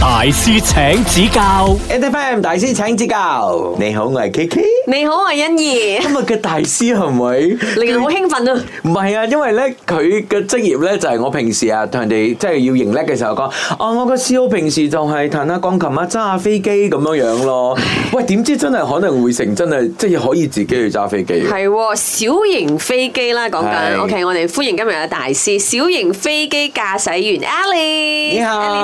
大師請指教，NTM 大師請指教。你好，我係 Kiki。你好，我係欣兒。今日嘅大師係咪令人好興奮啊？唔係啊，因為咧佢嘅職業咧就係我平時啊同人哋即係要型叻嘅時候講啊，我個師傅平時就係彈下鋼琴啊，揸下飛機咁樣樣咯。喂，點知真係可能會成真係，即係可以自己去揸飛機？係小型飛機啦，講緊。OK，我哋歡迎今日嘅大師，小型飛機駕駛員 Alice。你好。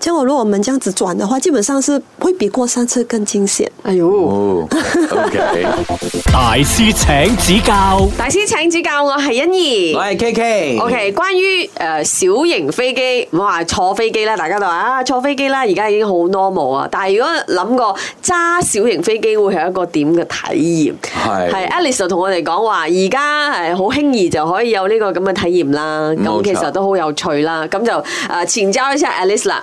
即我如果我們這樣子轉的話，基本上是會比過山車更驚險。哎呦！哦 okay， 大師請指教，大師請指教，我係欣宜，我係 K K。OK，關於誒、呃、小型飛機，唔好話坐飛機啦，大家都話啊坐飛機啦，而家已經好 normal 啊。但係如果諗過揸小型飛機會係一個點嘅體驗，係是 Alice 就同我哋講話，而家係好輕易就可以有呢個咁嘅體驗啦。咁錯其實都好有趣啦。咁就誒、呃，前招一下 Alice 啦。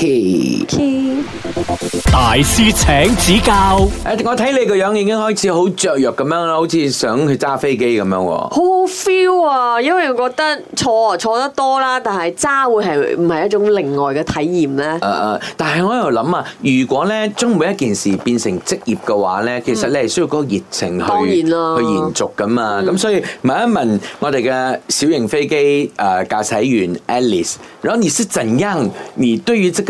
Okay. Okay. 大師請指教。誒、呃，我睇你個樣子已經開始好雀躍咁樣啦，好似想去揸飛機咁樣喎。好好 feel 啊，因為覺得坐坐得多啦，但係揸會係唔係一種另外嘅體驗咧？誒誒、呃，但係我又度諗啊，如果咧將每一件事變成職業嘅話咧，其實你係需要嗰個熱情去、嗯、去延續噶嘛。咁、嗯、所以問一問我哋嘅小型飛機誒駕駛員 Alice，如果你是怎樣？你對於這個。